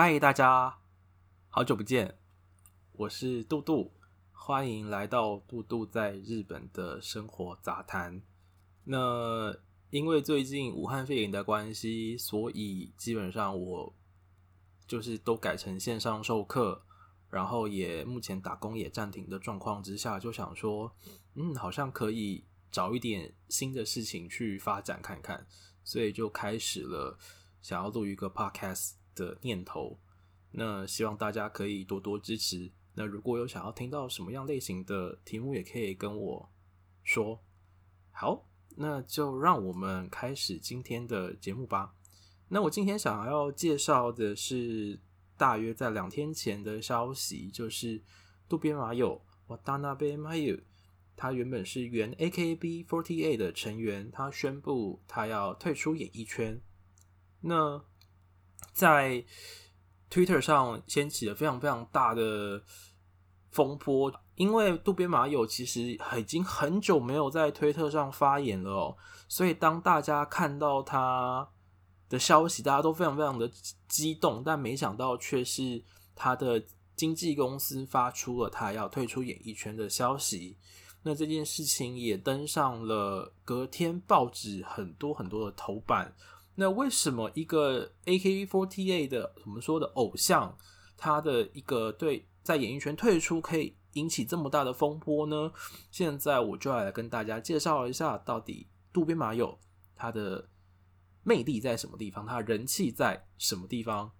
嗨，Hi, 大家，好久不見，我是杜杜，歡迎來到杜杜在日本的生活雜談。那因為最近武漢肺炎的關係，所以基本上我就是都改成線上授課，然後也目前打工也暫停的狀況之下，就想說，嗯，好像可以找一點新的事情去發展看看，所以就開始了想要錄一個 podcast。的念頭，那希望大家可以多多支持。那如果有想要聽到什麼樣類型的題目，也可以跟我說。好，那就讓我們開始今天的節目吧。那我今天想要介紹的是，大約在兩天前的消息，就是渡邊麻友，渡邊麻友，他原本是原 AKB48 的成員，他宣布他要退出演藝圈。那在 Twitter 上掀起了非常非常大的風波，因為渡邊麻友其實已經很久沒有在推特上發言了。所以當大家看到他的消息，大家都非常非常的激動，但沒想到卻是他的經紀公司發出了他要退出演藝圈的消息，那這件事情也登上了隔天報紙很多很多的頭版。那為什麼一個 A K B forty eight 的我們說的偶像，他的一個對在演藝圈退出可以引起這麼大的風波呢？現在我就要來跟大家介紹一下，到底渡邊麻友他的魅力在什麼地方，他的人氣在什麼地方。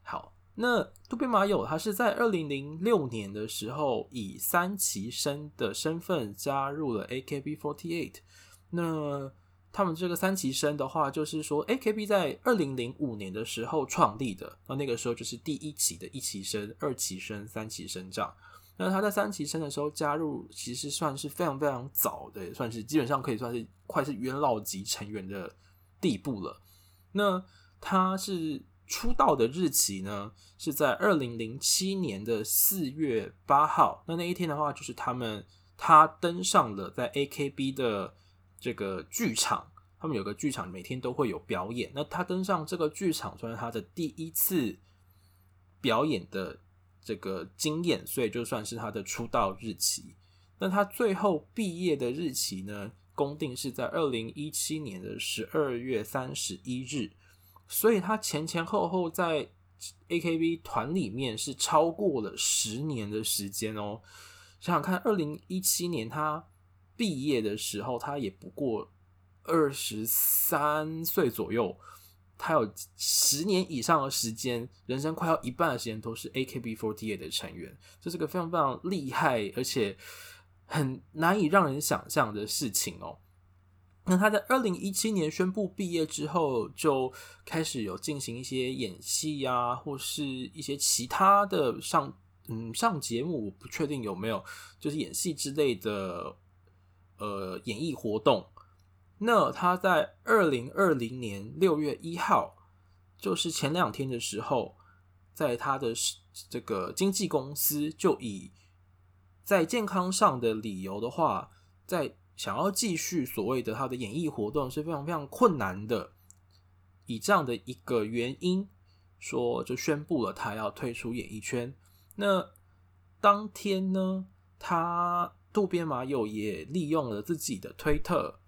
好，那渡邊麻友他是在二零零六年的時候以三期生的身份加入了 A K B forty eight，那。他們這個三期生的話，就是說 AKB 在二零零五年的時候創立的，那那個時候就是第一期的一期生、二期生、三期生這樣。那他在三期生的時候加入，其實算是非常非常早的，也算是基本上可以算是快是元老級成員的地步了。那他是出道的日期呢，是在二零零七年的四月八號。那那一天的話，就是他們他登上了在 AKB 的。這個劇場，他們有個劇場，每天都會有表演。那他登上這個劇場，算是他的第一次表演的這個經驗，所以就算是他的出道日期。那他最後畢業的日期呢？公定是在二零一七年的十二月三十一日。所以他前前後後在 AKB 團裡面是超過了十年的時間哦。想想看，二零一七年他。畢業的時候，他也不過二十三歲左右。他有十年以上的時間，人生快要一半的時間都是 AKB48 的成員，這是個非常非常厲害，而且很難以讓人想象的事情哦、喔。那他在二零一七年宣布畢業之後，就開始有進行一些演戲啊，或是一些其他的上嗯上節目，我不確定有沒有就是演戲之類的。呃，演藝活動，那他在二零二零年六月一號，就是前兩天的時候，在他的這個經紀公司就以在健康上的理由的話，在想要繼續所謂的他的演藝活動是非常非常困難的，以這樣的一個原因說，就宣布了他要退出演藝圈。那當天呢，他。渡邊麻友也利用了自己的推特，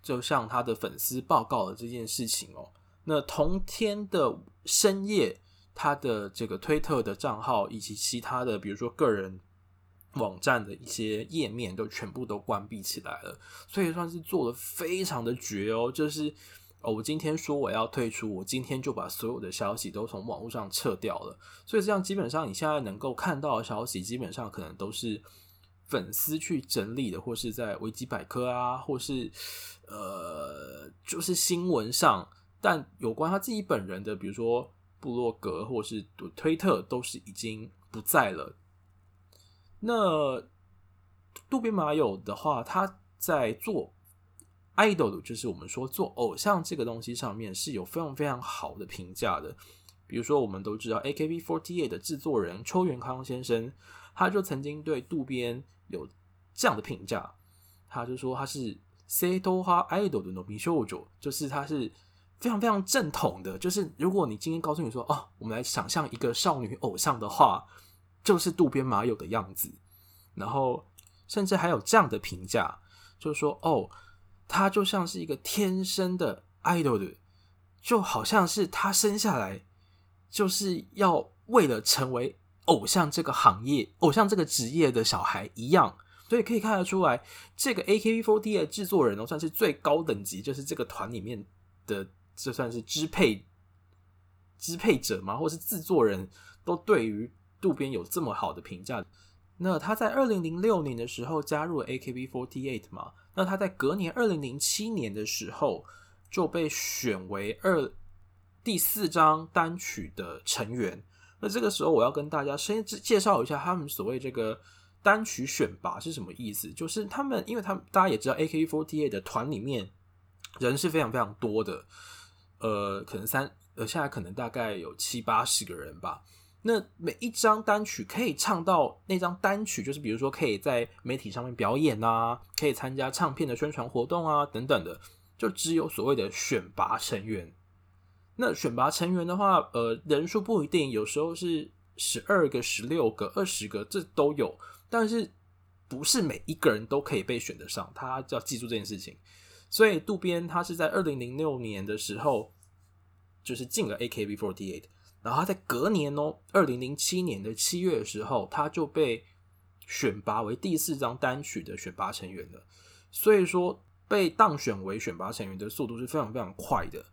就向他的粉絲報告了這件事情哦。那同天的深夜，他的這個推特的賬號以及其他的，比如說個人網站的一些頁面，都全部都關閉起來了。所以算是做的非常的絕哦，就是哦，我今天說我要退出，我今天就把所有的消息都從網絡上撤掉了。所以這樣基本上，你現在能夠看到的消息，基本上可能都是。粉絲去整理的，或是在維基百科啊，或是，呃，就是新聞上，但有關他自己本人的，比如說部落格或是推特，都是已經不在了。那渡邊麻友的話，他在做 idol，就是我們說做偶像這個東西上面，是有非常非常好的評價的。比如說，我們都知道 AKB48 的制作人秋元康先生，他就曾經對渡邊。有這樣的評價，他就說他是 C 多花 idol 的農民秀，就是他是非常非常正統的。就是如果你今天告訴你說哦，我們來想象一個少女偶像的話，就是渡邊麻友的樣子。然後甚至還有這樣的評價，就是說哦，他就像是一個天生的 idol 的，就好像是他生下來就是要為了成為。偶像這個行業，偶像這個職業的小孩一樣，所以可以看得出來，這個 AKB48 制作人呢，算是最高等級，就是這個團裡面的，這算是支配支配者嗎？或是制作人都對於渡邊有這麼好的評價。那他在二零零六年的時候加入了 AKB48 嘛，那他在隔年二零零七年的時候就被選為二第四張單曲的成員。那這個時候，我要跟大家先介紹一下他們所謂這個單曲選拔是什麼意思。就是他們，因為他們大家也知道 AKB48 的團裡面人是非常非常多的，呃，可能三呃現在可能大概有七八十個人吧。那每一張單曲可以唱到那張單曲，就是比如說可以在媒體上面表演啊，可以參加唱片的宣傳活動啊等等的，就只有所謂的選拔成員。那選拔成員的話，呃，人數不一定，有時候是十二個、十六個、二十個，這都有。但是不是每一個人都可以被選得上，他就要記住這件事情。所以渡邊他是在二零零六年的時候，就是進了 AKB forty eight，然後他在隔年哦，二零零七年的七月的時候，他就被選拔為第四張單曲的選拔成員了。所以說，被當選為選拔成員的速度是非常非常快的。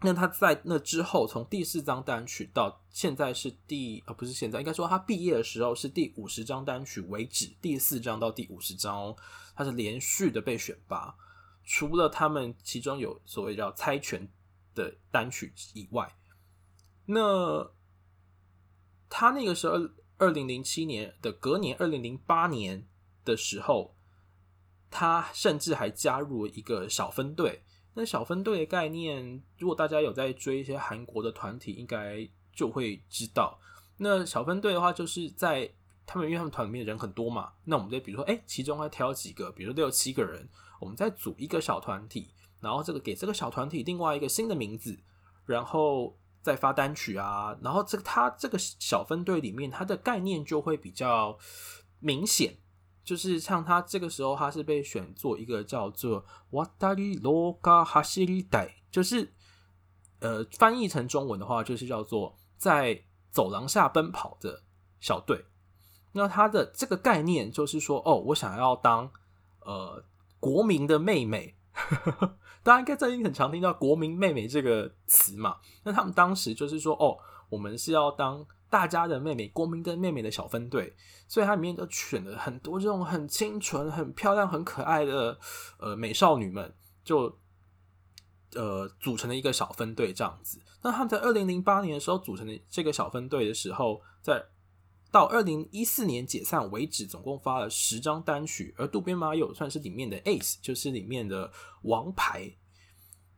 那他在那之後，從第四張單曲到現在是第，呃、哦，不是現在，應該說他畢業的時候是第五十張單曲為止，第四張到第五十張哦，他是連續的被選拔，除了他們其中有所謂叫猜拳的單曲以外，那他那個時候二零零七年的隔年二零零八年的時候，他甚至還加入了一個小分隊。那小分隊的概念，如果大家有在追一些韓國的團體，應該就會知道。那小分隊的話，就是在他們因為他們團裡面人很多嘛，那我們就比如說，哎、欸，其中還挑幾個，比如說六七個人，我們再組一個小團體，然後這個給這個小團體另外一個新的名字，然後再發單曲啊，然後這個它這個小分隊裡面它的概念就會比較明顯。就是像他這個時候，他是被選做一個叫做 w a t r i o k a h a s h i 就是呃翻譯成中文的話，就是叫做在走廊下奔跑的小隊。那他的這個概念就是說，哦，我想要當呃國民的妹妹。大家應該最近很常聽到“國民妹妹”這個詞嘛？那他們當時就是說，哦，我們是要當。大家的妹妹、國民的妹妹的小分隊，所以他裡面就選了很多這種很清純、很漂亮、很可愛的呃美少女們，就呃組成了一個小分隊這樣子。那他們在二零零八年的時候組成的這個小分隊的時候，在到二零一四年解散為止，總共發了十張單曲。而渡邊麻友算是裡面的 ACE，就是裡面的王牌。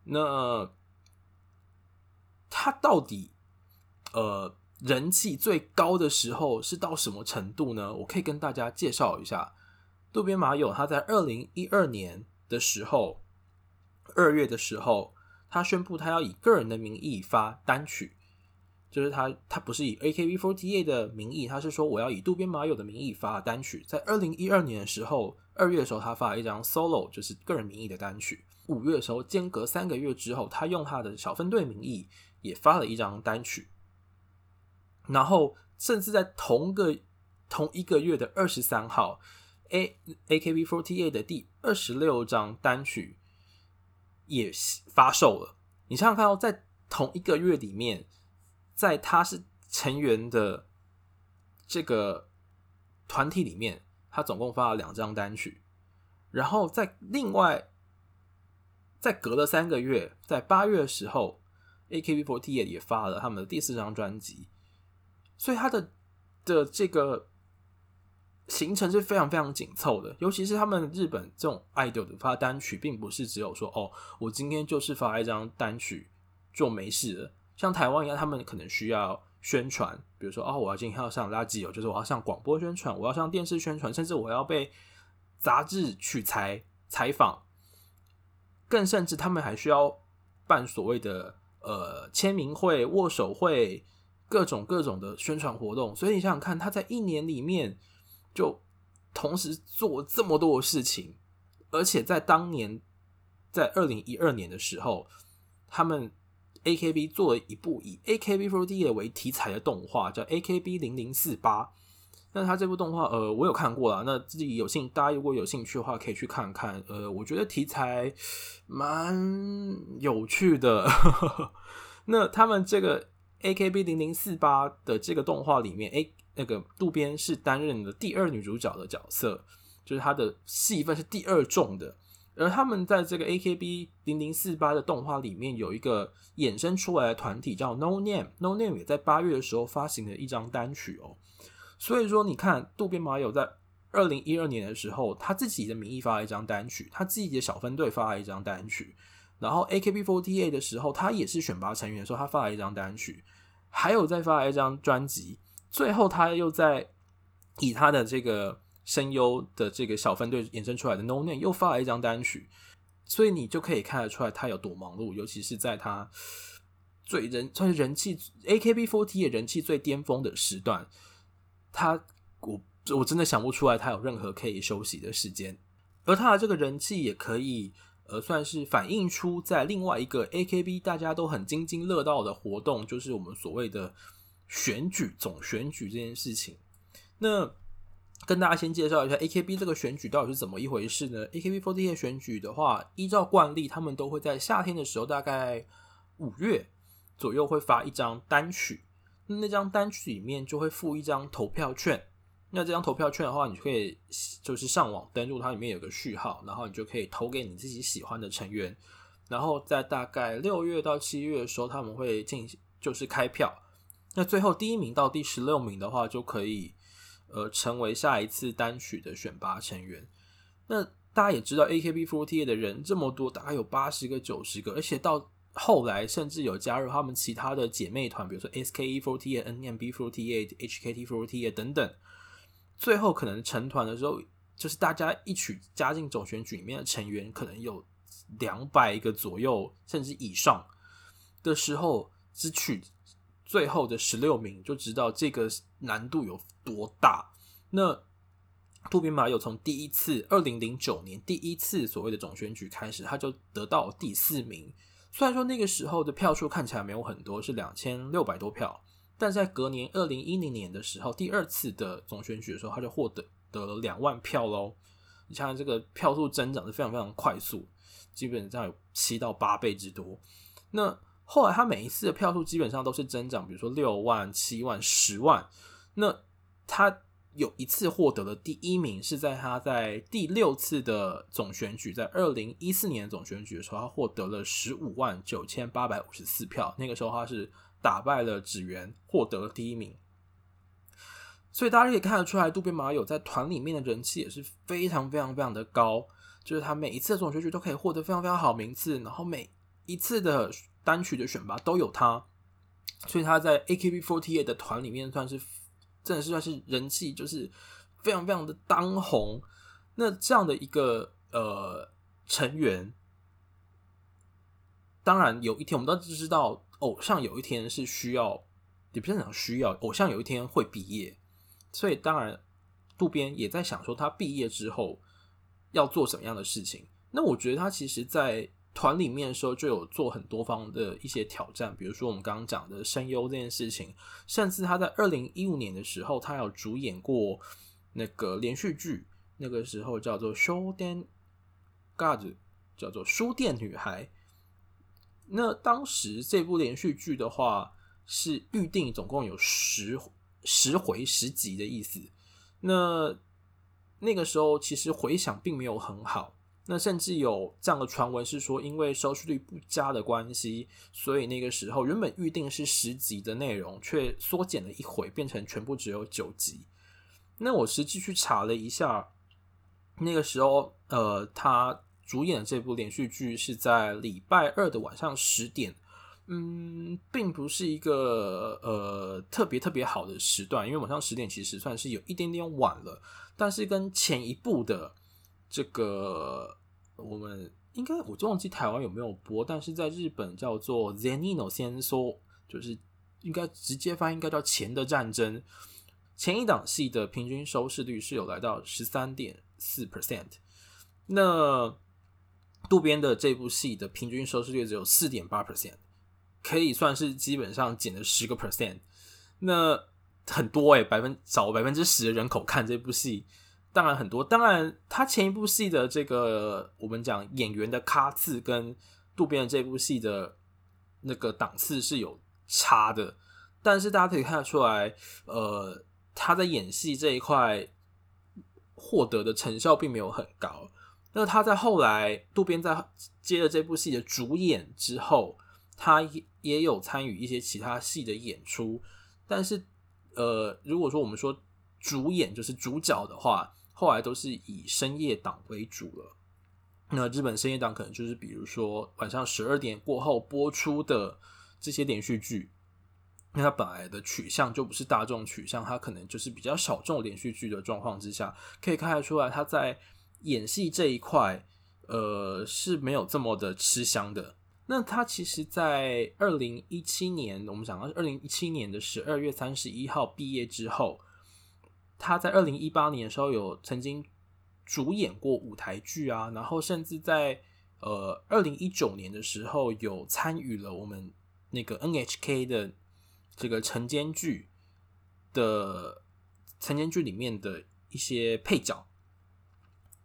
那他到底呃？人氣最高的時候是到什麼程度呢？我可以跟大家介紹一下，渡邊麻友他在二零一二年的時候，二月的時候，他宣布他要以個人的名義發單曲，就是他他不是以 AKB48 的名義，他是說我要以渡邊麻友的名義發單曲。在二零一二年的時候，二月的時候，他發了一張 solo，就是個人名義的單曲。五月的時候，間隔三個月之後，他用他的小分隊名義也發了一張單曲。然後，甚至在同個同一個月的二十三號，A AKB48 的第二十六張單曲也發售了。你想想看哦，在同一個月裡面，在他是成員的這個團體裡面，他總共發了兩張單曲。然後，在另外，在隔了三個月，在八月的時候，AKB48 也發了他們的第四張專輯。所以他的的這個行程是非常非常緊湊的，尤其是他們日本這種 idol 的發單曲，並不是只有說哦，我今天就是發一張單曲就沒事了。像台灣一樣，他們可能需要宣傳，比如說哦，我要今天要上垃圾油，就是我要上廣播宣傳，我要上電視宣傳，甚至我要被雜誌取材採訪，更甚至他們還需要辦所謂的呃簽名會、握手會。各種各種的宣傳活動，所以你想想看，他在一年裡面就同時做這麼多的事情，而且在當年，在二零一二年的時候，他們 A K B 做了一部以 A K B four D 為題材的動畫，叫 A K B 零零四八。那他這部動畫，呃，我有看過啦，那自己有興趣，大家如果有興趣的話，可以去看看。呃，我覺得題材蠻有趣的。 那他們這個。A K B 零零四八的這個動畫裡面，哎，那個渡邊是擔任的第二女主角的角色，就是她的戲份是第二重的。而他們在這個 A K B 零零四八的動畫裡面，有一個衍生出來的團體叫 No Name，No Name 也在八月的時候發行了一張單曲哦、喔。所以說，你看，渡邊麻友在二零一二年的時候，他自己的名義發了一張單曲，他自己的小分隊發了一張單曲。然後 AKB48 的時候，他也是選拔成員的時候，他發了一張單曲，還有再發了一張專輯，最後他又在以他的這個聲優的這個小分隊衍生出來的 No Name 又發了一張單曲，所以你就可以看得出來他有多忙碌，尤其是在他最人算是人氣 AKB48 人氣最巔峰的時段，他我我真的想不出來他有任何可以休息的時間，而他的這個人氣也可以。而算是反映出在另外一個 AKB 大家都很津津樂道的活動，就是我們所謂的選舉總選舉這件事情。那跟大家先介紹一下 AKB 這個選舉到底是怎麼一回事呢？AKB48 選舉的話，依照慣例，他們都會在夏天的時候，大概五月左右會發一張單曲，那張單曲裡面就會附一張投票券。那這張投票券的話，你就可以就是上網登錄，它裡面有個序號，然後你就可以投給你自己喜歡的成員。然後在大概六月到七月的時候，他們會進就是開票。那最後第一名到第十六名的話，就可以呃成為下一次單曲的選拔成員。那大家也知道，A K B Forty e 的人這麼多，大概有八十個、九十個，而且到後來甚至有加入他們其他的姐妹團，比如說 S K E Forty e N M B Forty e h K T Forty e 等等。最後可能成團的時候，就是大家一起加進總選舉裡面的成員，可能有兩百個左右，甚至以上的時候，只取最後的十六名，就知道這個難度有多大。那渡邊麻友從第一次二零零九年第一次所謂的總選舉開始，他就得到第四名。雖然說那個時候的票數看起來沒有很多，是兩千六百多票。但是在隔年二零一零年的時候，第二次的總選舉的時候，他就獲得得了兩萬票嘍。你像這個票數增長是非常非常快速，基本上有七到八倍之多。那後來他每一次的票數基本上都是增長，比如說六萬、七萬、十萬。那他有一次獲得了第一名，是在他在第六次的總選舉，在二零一四年的總選舉的時候，他獲得了十五萬九千八百五十四票。那個時候他是。打敗了指原，獲得第一名，所以大家可以看得出來，渡邊麻友在團裡面的人氣也是非常非常非常的高。就是他每一次的總選舉都可以獲得非常非常好名次，然後每一次的單曲的選拔都有他，所以他在 AKB48 的團裡面算是真的是算是人氣就是非常非常的當紅。那這樣的一個呃成員，當然有一天我們都知道。偶像有一天是需要，也不是很需要，偶像有一天會畢業，所以當然渡邊也在想說他畢業之後要做什麼樣的事情。那我覺得他其實在團裡面的時候就有做很多方的一些挑戰，比如說我們剛剛講的聲優這件事情，甚至他在二零一五年的時候，他有主演過那個連續劇，那個時候叫做《Shoten Girl》，叫做《書店女孩》。那當時這部連續劇的話是預定總共有十十回、十集的意思，那那個時候其實回響並沒有很好，那甚至有這樣的傳聞是說，因為收視率不佳的關係，所以那個時候原本預定是十集的內容，卻縮減了一回，變成全部只有九集。那我實際去查了一下，那個時候呃，他。主演的這部連續劇是在禮拜二的晚上十點，嗯，並不是一個呃特別特別好的時段，因為晚上十點其實算是有一點點晚了。但是跟前一部的這個，我們應該我忘記台灣有沒有播，但是在日本叫做《Zeni no Sensō》，就是應該直接翻譯應該叫《錢的戰爭》。前一檔戲的平均收視率是有來到十三點四 percent，那。渡邊的這部戲的平均收視率只有四點八 percent，可以算是基本上減了十個 percent。那很多哎、欸，百分少百分之十的人口看這部戲，當然很多。當然，他前一部戲的這個我們講演員的咖次跟渡邊的這部戲的那個檔次是有差的，但是大家可以看得出來，呃，他在演戲這一塊獲得的成效並沒有很高。那他在後來，渡邊在接了這部戲的主演之後，他也也有參與一些其他戲的演出。但是，呃，如果說我們說主演就是主角的話，後來都是以深夜檔為主了。那日本深夜檔可能就是比如說晚上十二點過後播出的這些連續劇，那它本來的取向就不是大眾取向，它可能就是比較小眾連續劇的狀況之下，可以看得出來他在。演戲這一塊，呃，是沒有這麼的吃香的。那他其實，在二零一七年，我們講到二零一七年的十二月三十一號畢業之後，他在二零一八年的時候有曾經主演過舞台劇啊，然後甚至在呃二零一九年的時候有參與了我們那個 NHK 的這個晨間劇的晨間劇裡面的一些配角。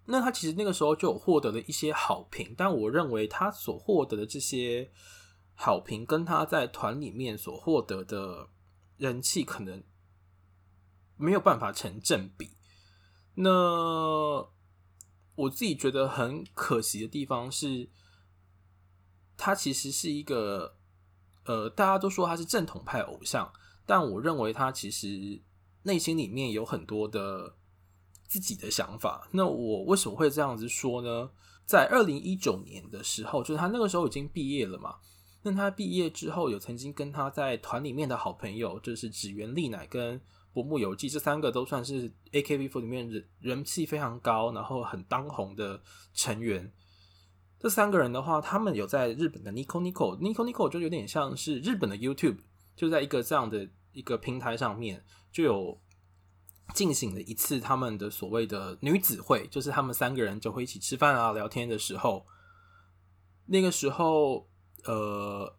那他其實那個時候就有獲得了一些好評，但我認為他所獲得的這些好評跟他在團裡面所獲得的人氣可能沒有辦法成正比。那我自己覺得很可惜的地方是，他其實是一個，呃，大家都說他是正統派偶像，但我認為他其實內心裡面有很多的。自己的想法，那我為什麼會這樣子說呢？在二零一九年的時候，就是他那個時候已經畢業了嘛。那他畢業之後，有曾經跟他在團裡面的好朋友，就是指原莉乃跟柏木由紀這三個都算是 AKB48 裡面人氣非常高，然後很當紅的成員。這三個人的話，他們有在日本的 Nico Nico Nico Nico，就有點像是日本的 YouTube，就在一個這樣的一個平台上面就有。進行了一次他們的所謂的女子會，就是他們三個人就會一起吃飯啊、聊天的時候。那個時候，呃，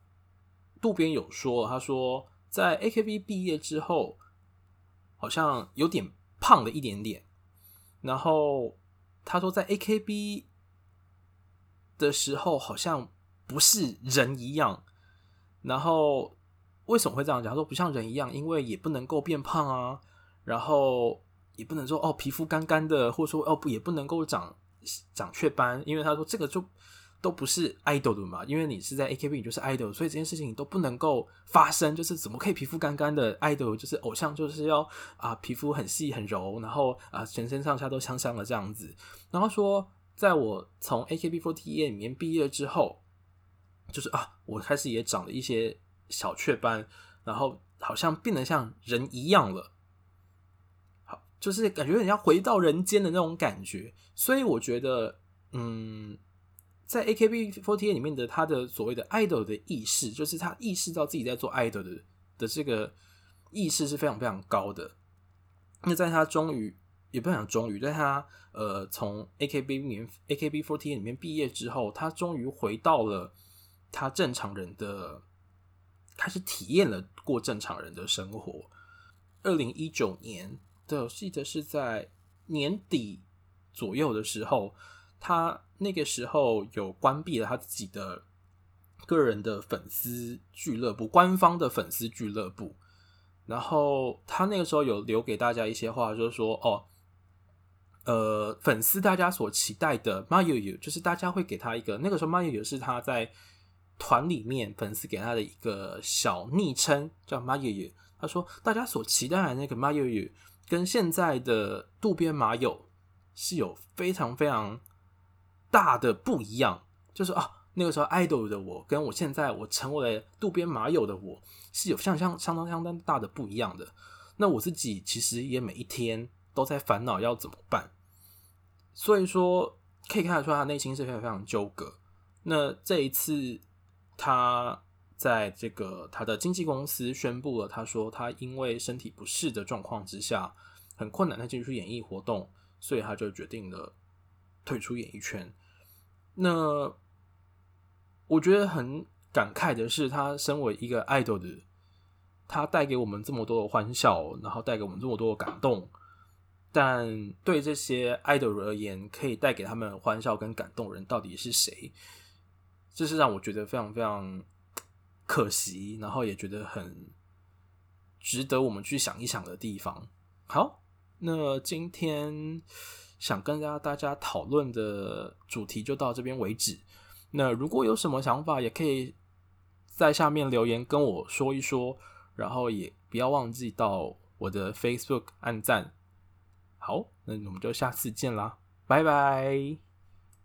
渡邊有說，他說在 AKB 畢業之後，好像有點胖了一點點。然後他說，在 AKB 的時候，好像不是人一樣。然後為什麼會這樣講？他說不像人一樣，因為也不能夠變胖啊。然後也不能說哦，皮膚乾干的，或者說哦不，也不能夠長長雀斑，因為他說這個就都不是 idol 的嘛，因為你是在 AKB，你就是 idol，所以這件事情你都不能夠發生，就是怎麼可以皮膚乾干的 idol，就是偶像就是要啊皮膚很細很柔，然後啊全身上下都香香的這樣子。然後說，在我從 AKB48 裡面畢業之後，就是啊，我開始也長了一些小雀斑，然後好像變得像人一樣了。就是感覺很像回到人間的那種感覺，所以我覺得，嗯，在 AKB48 裡面的他的所謂的 idol 的意識，就是他意識到自己在做 idol 的的這個意識是非常非常高的。那在他終於，也不講終於，在他呃從 AKB48 裡面 AKB48 裡面畢業之後，他終於回到了他正常人的，開始體驗了過正常人的生活。二零一九年。對，我記得是在年底左右的時候，他那個時候有關閉了他自己的個人的粉絲俱樂部，官方的粉絲俱樂部。然後他那個時候有留給大家一些話，就是說：“哦，呃，粉絲大家所期待的麻友友，u, 就是大家會給他一個那個時候麻友友是他在團裡面粉絲給他的一個小昵稱叫麻友友。”他說：“大家所期待的那個麻友友。”跟現在的渡邊麻友是有非常非常大的不一樣，就是啊，那個時候 idol 的我跟我現在，我成為了渡邊麻友的我是有相相相當相當大的不一樣的。那我自己其實也每一天都在煩惱要怎麼辦，所以說可以看得出他內心是非常非常糾葛。那這一次他。在這個他的經紀公司宣布了，他說他因為身體不適的狀況之下，很困難，他進出演藝活動，所以他就決定了退出演藝圈。那我覺得很感慨的是，他身為一個 idol，他帶給我們這麼多的歡笑，然後帶給我們這麼多的感動。但對這些 idol 而言，可以帶給他們歡笑跟感動人到底是誰？這是讓我覺得非常非常。可惜，然後也覺得很值得我們去想一想的地方。好，那今天想跟大家大家討論的主題就到這邊為止。那如果有什麼想法，也可以在下面留言跟我說一說，然後也不要忘記到我的 Facebook 按讚。好，那我們就下次見啦，拜拜。